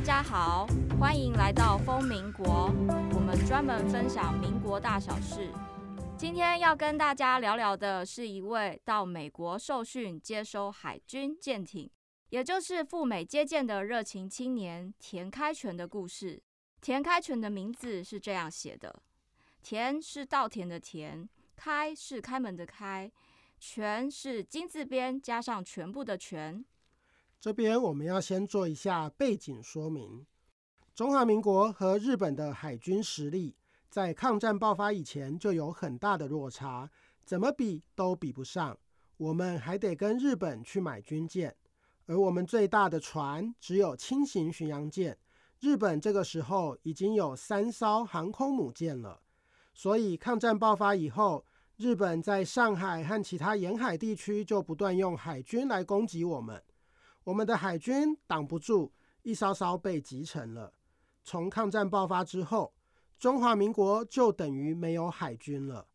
大家好，歡迎來到瘋民國。我們專門分享民國大小事。今天要跟大家聊聊的是一位到美國受訓、接收海軍艦艇，也就是赴美接艦的熱情青年田開銓的故事。田開銓的名字是這樣寫的：田是稻田的田，開是開門的開，銓是金字邊加上全部的全。這邊我們要先做一下背景說明。中華民國和日本的海軍實力在抗戰爆發以前就有很大的落差，怎麼比都比不上。我們還得跟日本去買軍艦，而我們最大的船只有輕型巡洋艦。日本這個時候已經有三艘航空母艦了，所以抗戰爆發以後，日本在上海和其他沿海地區就不斷用海軍來攻擊我們。我們的海軍擋不住，一艘艘被擊沉了。從抗戰爆發之後，中華民國就等於沒有海軍了，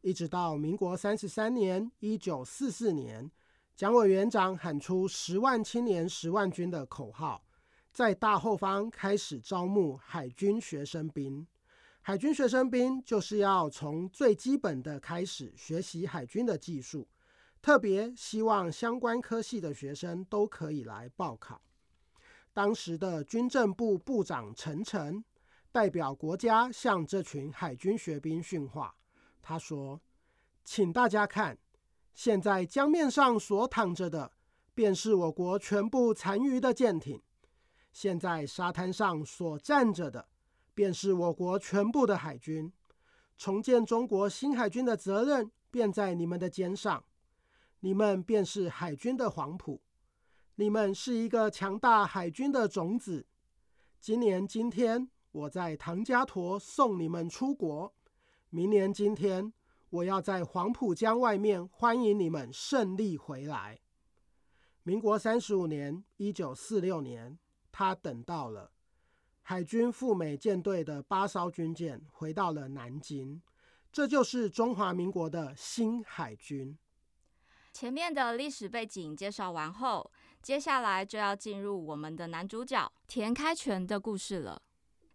一直到民國三十三年（一九四四年），蔣委員長喊出“十萬青年十萬軍”的口號，在大後方開始招募海軍學生兵。海軍學生兵就是要從最基本的開始學習海軍的技術。特別希望相關科系的學生都可以來報考。當時的軍政部部長陳誠代表國家向這群海軍學兵訓話。他說：“請大家看，現在江面上所躺着的，便是我國全部殘餘的艦艇；現在沙灘上所站着的，便是我國全部的海軍。重建中國新海軍的責任，便在你們的肩上。”你們便是海軍的黃埔，你們是一個強大海軍的種子。今年今天，我在唐家沱送你們出國；明年今天，我要在黃浦江外面歡迎你們勝利回來。民國三十五年（一九四六年），他等到了海軍赴美艦隊的八艘軍艦回到了南京，這就是中華民國的新海軍。前面的歷史背景介紹完後，接下來就要進入我們的男主角田開銓的故事了。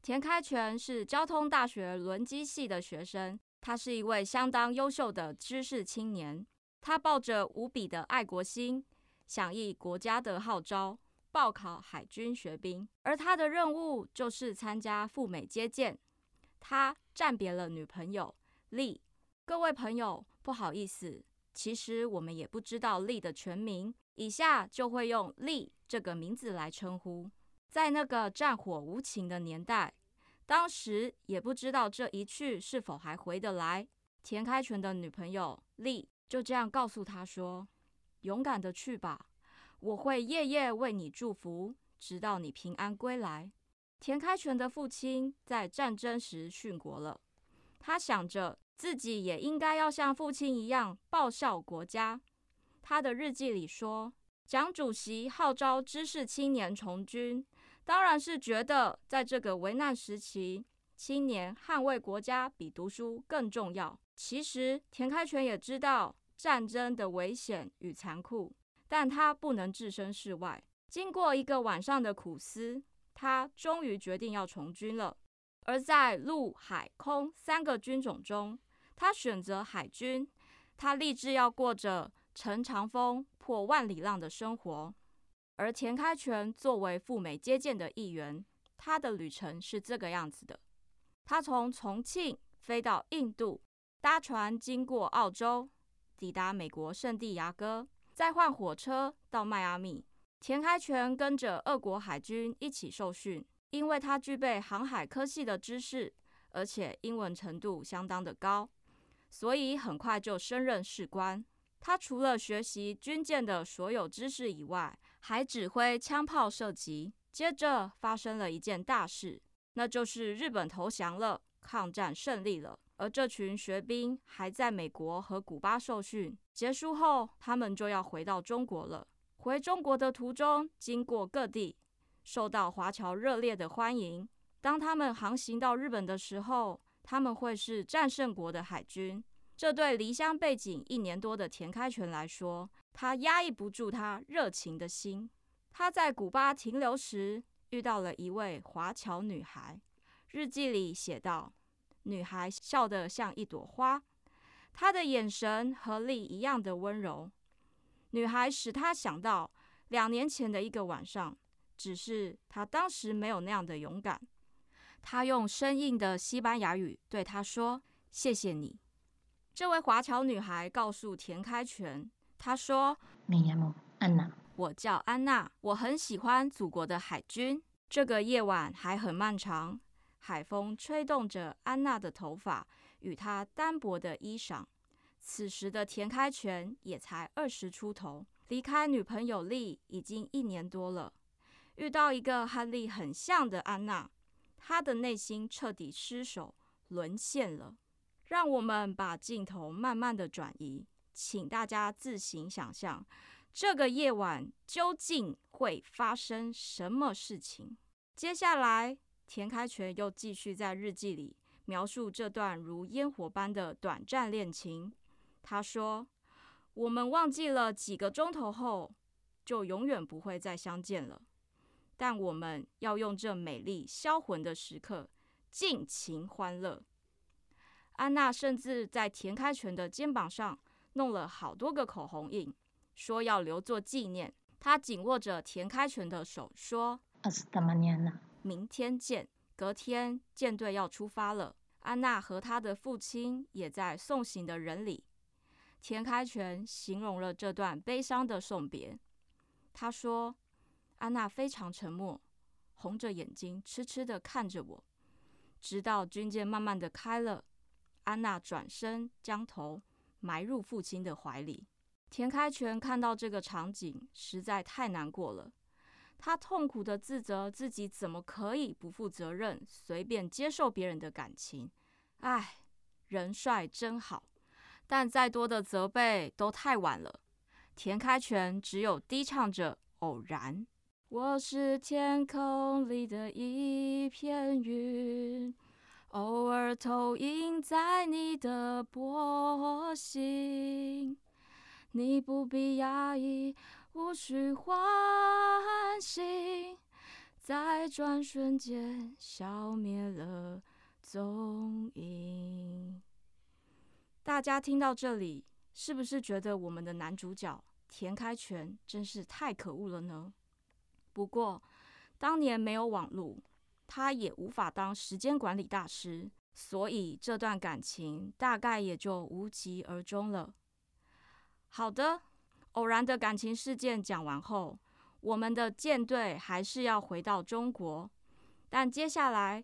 田開銓是交通大學輪機系的學生，他是一位相當優秀的知識青年。他抱着無比的愛國心，響應國家的號召，報考海軍學兵。而他的任務就是參加赴美接艦。他暫別了女朋友麗。各位朋友，不好意思。其實我們也不知道利的全名，以下就會用利這個名字來稱呼。在那個戰火無情的年代，當時也不知道這一去是否還回得來。田開銓的女朋友利就這樣告訴他說：“勇敢的去吧，我會夜夜為你祝福，直到你平安歸來。”田開銓的父親在戰爭時殉國了，他想着。自己也應該要像父親一樣報效國家。他的日記裡說，蔣主席號召知識青年從軍，當然是覺得在這個危難時期，青年捍衛國家比讀書更重要。其實，田開銓也知道戰爭的危險與殘酷，但他不能置身事外。經過一個晚上的苦思，他終於決定要從軍了。而在陸海空三個軍種中，他選擇海軍。他立志要過着乘長風破萬里浪的生活。而田開銓作為赴美接艦的一員，他的旅程是這個樣子的：他從重慶飛到印度，搭船經過澳洲，抵達美國聖地牙哥，再換火車到邁阿密。田開銓跟着俄國海軍一起受訓。因為他具備航海科系的知識，而且英文程度相當的高，所以很快就升任士官。他除了學習軍艦的所有知識以外，還指揮槍炮射擊。接着發生了一件大事，那就是日本投降了，抗戰勝利了。而這群學兵還在美國和古巴受訓，結束後他們就要回到中國了。回中國的途中，經過各地。受到華僑熱烈的歡迎。當他們航行到日本的時候，他們會是戰勝國的海軍。這對離鄉背井一年多的田開銓來說，他壓抑不住他熱情的心。他在古巴停留時遇到了一位華僑女孩。日記裡寫道：“女孩笑得像一朵花，她的眼神和麗一樣的溫柔。女孩使他想到兩年前的一個晚上。”只是他當時沒有那樣的勇敢。他用生硬的西班牙語對他說：“謝謝你。”這位華僑女孩告訴田開銓：“她說名，安娜，我叫安娜，我很喜歡祖國的海軍。這個夜晚還很漫長，海風吹動着安娜的頭髮與她單薄的衣裳。此時的田開銓也才二十出頭，離開女朋友麗已經一年多了。”遇到一個和你很像的安娜，她的內心徹底失守淪陷了。讓我們把鏡頭慢慢的轉移，請大家自行想象，這個夜晚究竟會發生什麼事情？接下來，田開銓又繼續在日記裡描述這段如煙火般的短暫戀情。他說：“我們忘記了幾個鐘頭後，就永遠不會再相見了。”但我們要用這美麗銷魂的時刻，盡情歡樂。安娜甚至在田開銓的肩膀上弄了好多個口紅印，說要留作紀念。她緊握着田開銓的手，說：“明天見。天”隔天，艦隊要出發了，安娜和她的父親也在送行的人裡。田開銓形容了這段悲傷的送別，他說。安娜非常沉默，紅着眼睛癡癡地看着我，直到軍艦慢慢的開了。安娜轉身，將頭埋入父親的懷裡。田開銓看到這個場景，實在太難過了。他痛苦的自責自己怎麼可以不負責任，隨便接受別人的感情。唉，人帥真好，但再多的責備都太晚了。田開銓只有低唱着偶然。我是天空裡的一片雲，偶爾投影在你的波心。你不必訝異，無需歡喜，在轉瞬間消滅了蹤影。大家聽到這裡，是不是覺得我們的男主角田開銓真是太可惡了呢？不過，當年沒有網絡，他也無法當時間管理大師，所以這段感情大概也就無疾而終了。好的，偶然的感情事件講完後，我們的艦隊還是要回到中國，但接下來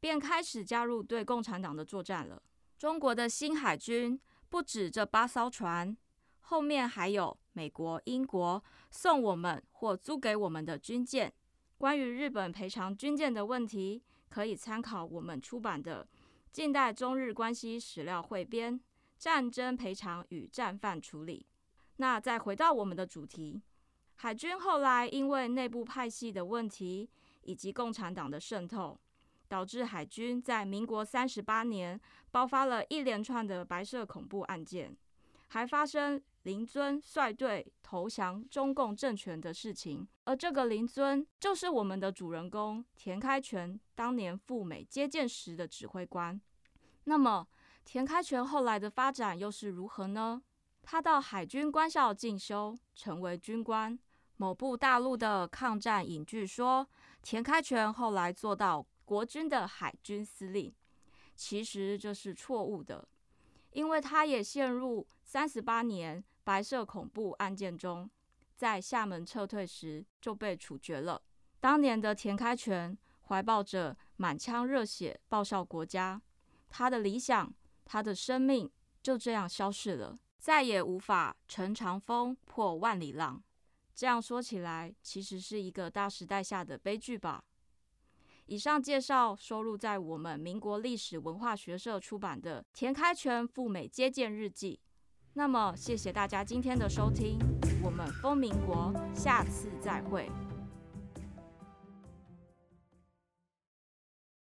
便開始加入對共產黨的作戰了。中國的新海軍不止這八艘船，後面還有。美國、英國送我們或租給我們的軍艦，關於日本賠償軍艦的問題，可以參考我們出版的《近代中日關係史料彙編：戰爭賠償與戰犯處理》。那再回到我們的主題，海軍後來因為內部派系的問題以及共產黨的滲透，導致海軍在民國三十八年爆發了一連串的白色恐怖案件。還發生林遵率隊投降中共政權的事情，而這個林遵就是我們的主人公田開銓當年赴美接艦時的指揮官。那麼，田開銓後來的發展又是如何呢？他到海軍官校進修，成為軍官。某部大陸的抗戰影劇說田開銓後來做到國軍的海軍司令，其實這是錯誤的。因為他也陷入三十八年白色恐怖案件中，在廈門撤退時就被處決了。當年的田開銓懷抱着滿腔熱血報效國家，他的理想，他的生命就這樣消失了，再也無法乘長風破萬里浪。這樣說起來，其實是一個大時代下的悲劇吧。以上介紹收錄在我們民國歷史文化學社出版的《田開銓赴美接艦日記》。那麼，謝謝大家今天的收聽，我們瘋民國下次再會。